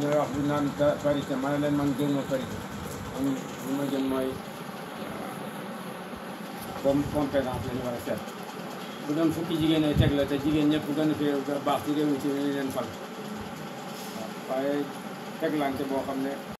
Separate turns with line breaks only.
ñooy wax du naan parité man ne leen man génn parité amul ma jëm mooy euh, comme compétence la bu doon
fukki jigéen ay teg la te jigéen ñëpp gën a fi baax ci réew mi ci li leen fal
waaye teglante boo xam ne